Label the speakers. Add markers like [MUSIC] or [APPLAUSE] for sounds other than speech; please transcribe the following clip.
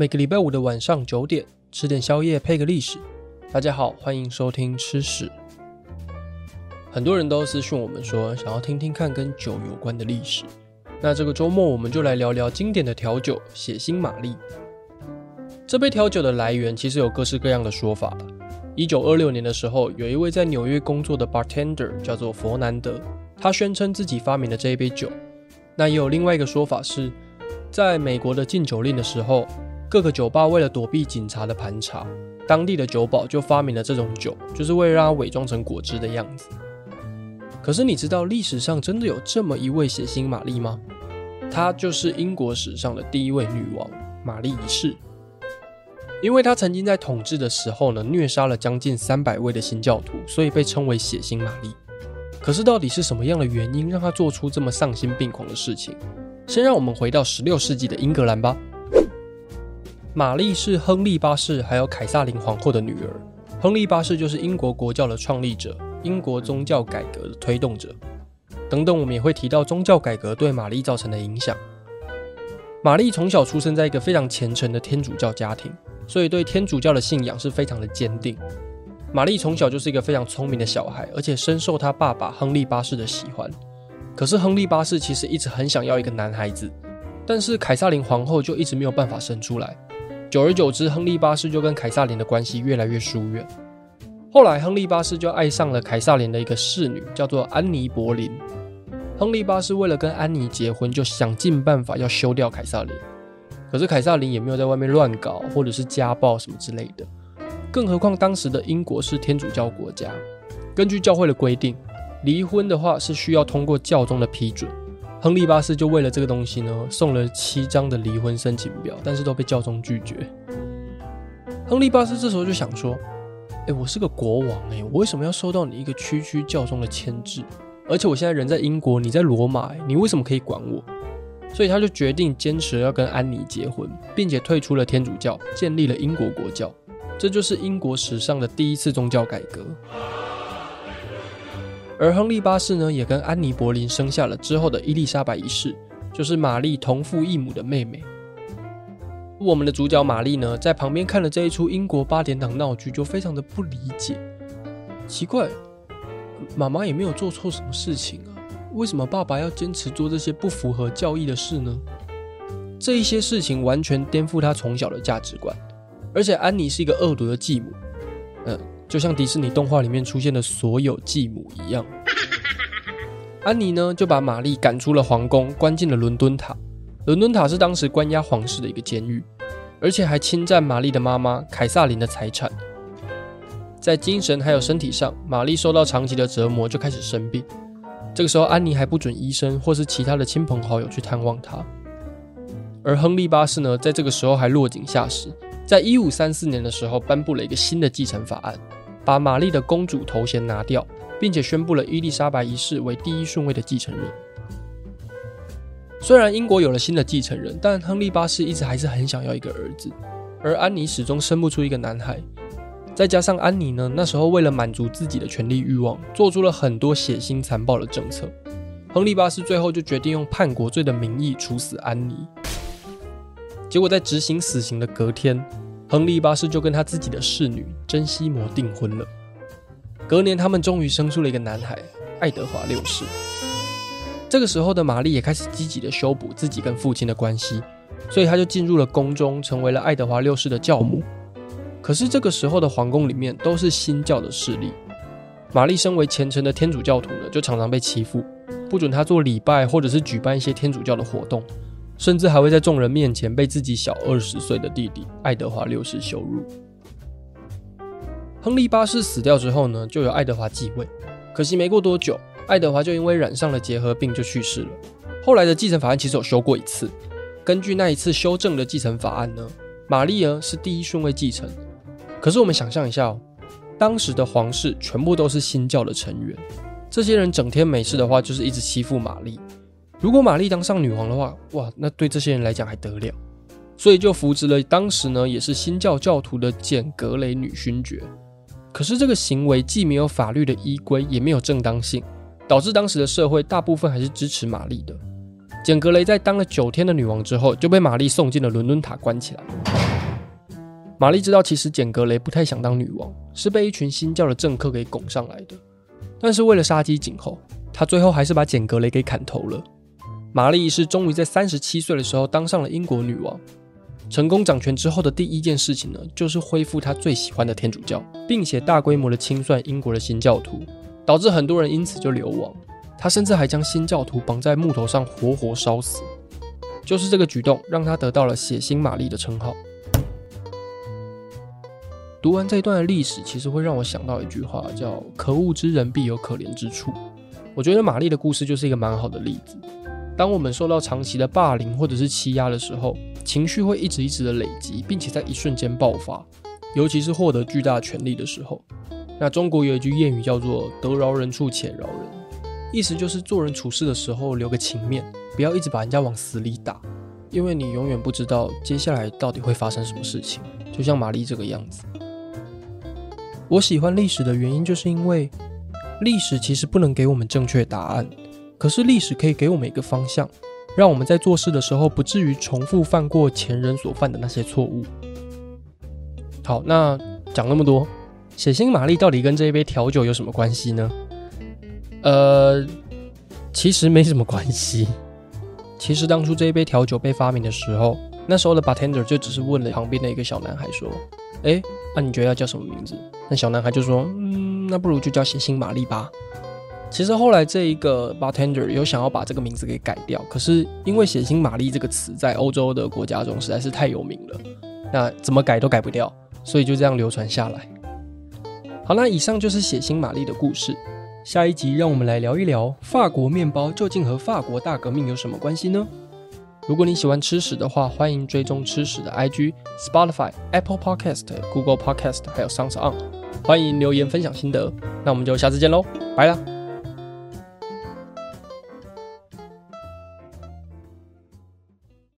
Speaker 1: 每個禮拜五的晚上九點，吃點宵夜配個歷史。大家好，歡迎收聽《吃史》。很多人都私訊我們說，想要聽聽看跟酒有關的歷史。那這個周末我們就來聊聊經典的調酒——血腥瑪麗。這杯調酒的來源其實有各式各樣的說法。一九二六年的時候，有一位在紐約工作的 bartender 叫做佛南德，他宣稱自己發明了這一杯酒。那也有另外一個說法是，在美國的禁酒令的時候。各個酒吧為了躲避警察的盤查，當地的酒保就發明了這種酒，就是為了讓它偽裝成果汁的樣子。可是你知道歷史上真的有這麼一位血腥瑪麗嗎？她就是英國史上的第一位女王瑪麗一世，因為她曾經在統治的時候呢，虐殺了將近三百位的新教徒，所以被稱為血腥瑪麗。可是到底是什麼樣的原因讓她做出這麼喪心病狂的事情？先讓我們回到十六世紀的英格蘭吧。瑪麗是亨利八世還有凱瑟琳皇後的女兒。亨利八世就是英國國教的創立者，英國宗教改革的推動者等等。我們也會提到宗教改革對瑪麗造成的影響。瑪麗從小出生在一個非常虔誠的天主教家庭，所以對天主教的信仰是非常的堅定。瑪麗從小就是一個非常聰明的小孩，而且深受她爸爸亨利八世的喜歡。可是亨利八世其實一直很想要一個男孩子，但是凱瑟琳皇後就一直沒有辦法生出來。久而久之，亨利八世就跟凱撒林的關係越來越疏遠。後來，亨利八世就愛上了凱撒林的一個侍女，叫做安妮·博林。亨利八世為了跟安妮結婚，就想盡辦法要休掉凱撒林。可是凱撒林也沒有在外面亂搞，或者是家暴什麼之類的。更何況當時的英國是天主教國家，根據教會的規定，離婚的話是需要通過教宗的批准。亨利八世就為了這個東西呢，送了七張的離婚申請表，但是都被教宗拒絕。亨利八世這時候就想說：“誒，欸，我是個國王，欸，誒，我為什麼要受到你一個區區教宗的牽制？而且我現在人在英國，你在羅馬，欸，你為什麼可以管我？”所以他就決定堅持要跟安妮結婚，並且退出了天主教，建立了英國國教。這就是英國史上的第一次宗教改革。而亨利八世呢，也跟安妮·博林生下了之後的伊麗莎白一世，就是瑪麗同父異母的妹妹。我們的主角瑪麗呢，在旁邊看了這一出英國八點檔鬧劇，就非常的不理解。奇怪，媽媽也沒有做錯什麼事情啊，為什麼爸爸要堅持做這些不符合教義的事呢？這一些事情完全顛覆他從小的價值觀，而且安妮是一個惡毒的繼母，嗯。就像迪士尼動畫裡面出現的所有繼母一樣，安妮呢，就把瑪麗趕出了皇宮，關進了倫敦塔。倫敦塔是當時關押皇室的一個監獄，而且還侵占瑪麗的媽媽凱瑟琳的財產。在精神還有身體上，瑪麗受到長期的折磨，就開始生病。這個時候，安妮還不准醫生或是其他的親朋好友去探望她。而亨利八世呢，在這個時候還落井下石，在一五三四年的時候頒布了一個新的繼承法案。把瑪麗的公主頭銜拿掉，並且宣布了伊麗莎白一世為第一順位的繼承人。雖然英國有了新的繼承人，但亨利八世一直還是很想要一個兒子，而安妮始終生不出一個男孩。再加上安妮呢，那時候為了滿足自己的權力慾望，做出了很多血腥殘暴的政策。亨利八世最後就決定用叛國罪的名義處死安妮。結果在執行死刑的隔天，亨利八世就跟他自己的侍女珍西摩訂婚了。隔年，他們終於生出了一個男孩，愛德華六世。這個時候的瑪麗也開始積極的修補自己跟父親的關係，所以她就進入了宮中，成為了愛德華六世的教母。可是這個時候的皇宮裡面都是新教的勢力，瑪麗身為虔誠的天主教徒呢，就常常被欺負，不准她做禮拜或者是舉辦一些天主教的活動。甚至還會在眾人面前被自己小二十歲的弟弟愛德華六世羞辱。亨利八世死掉之後呢，就由愛德華繼位。可惜沒過多久，愛德華就因為染上了結核病就去世了。後來的繼承法案其實有修過一次，根據那一次修正的繼承法案呢，瑪麗兒是第一順位繼承。可是我們想象一下哦，當時的皇室全部都是新教的成員，這些人整天沒事的話就是一直欺負瑪麗。如果瑪麗當上女王的話，哇，那對這些人來講還得了，所以就扶植了當時呢也是新教教徒的簡·格雷女勳爵。可是這個行為既沒有法律的依規，也沒有正當性，導致當時的社會大部分還是支持瑪麗的。簡·格雷在當了九天的女王之後，就被瑪麗送進了倫敦塔關起來。瑪麗知道其實簡·格雷不太想當女王，是被一群新教的政客給拱上來的，但是為了殺雞儆猴，她最後還是把簡·格雷給砍頭了。瑪麗一世終於在三十七歲的時候當上了英國女王。成功掌權之後的第一件事情呢，就是恢復她最喜歡的天主教，並且大規模的清算英國的新教徒，導致很多人因此就流亡。她甚至還將新教徒綁在木頭上活活燒死。就是這個舉動，讓她得到了“血腥瑪麗”的稱號。讀完這一段的歷史，其實會讓我想到一句話，叫“可惡之人必有可憐之處”。我覺得瑪麗的故事就是一個蠻好的例子。當我們受到長期的霸凌或者是欺壓的時候，情緒會一直一直的累積，並且在一瞬間爆發。尤其是獲得巨大權力的時候，那中國有一句諺語叫做“得饒人處且饒人”，意思就是做人處事的時候留個情面，不要一直把人家往死裡打，因為你永遠不知道接下來到底會發生什麼事情。就像瑪麗這個樣子。我喜歡歷史的原因，就是因為歷史其實不能給我們正確答案。可是歷史可以給我們一個方向，讓我們在做事的時候不至於重複犯過前人所犯的那些錯誤。好，那講那麼多，血腥瑪麗到底跟這一杯調酒有什麼關係呢？呃，其實沒什麼關係。 [LAUGHS] 其實當初這一杯調酒被發明的時候，那時候的 bartender 就只是問了旁邊的一個小男孩說：“誒、欸，那、啊、你覺得要叫什麼名字？”那小男孩就說：“嗯，那不如就叫血腥瑪麗吧。”其實後來這一個 bartender 有想要把這個名字給改掉，可是因為血腥瑪麗這個詞在歐洲的國家中實在是太有名了，那怎麼改都改不掉，所以就這樣流傳下來。好，那以上就是血腥瑪麗的故事。下一集讓我們來聊一聊法國麵包究竟和法國大革命有什麼關係呢？如果你喜歡吃史的話，歡迎追蹤吃史的 IG、Spotify、Apple Podcast、Google Podcast，還有 SoundOn。歡迎留言分享心得，那我們就下次見嘍，拜啦。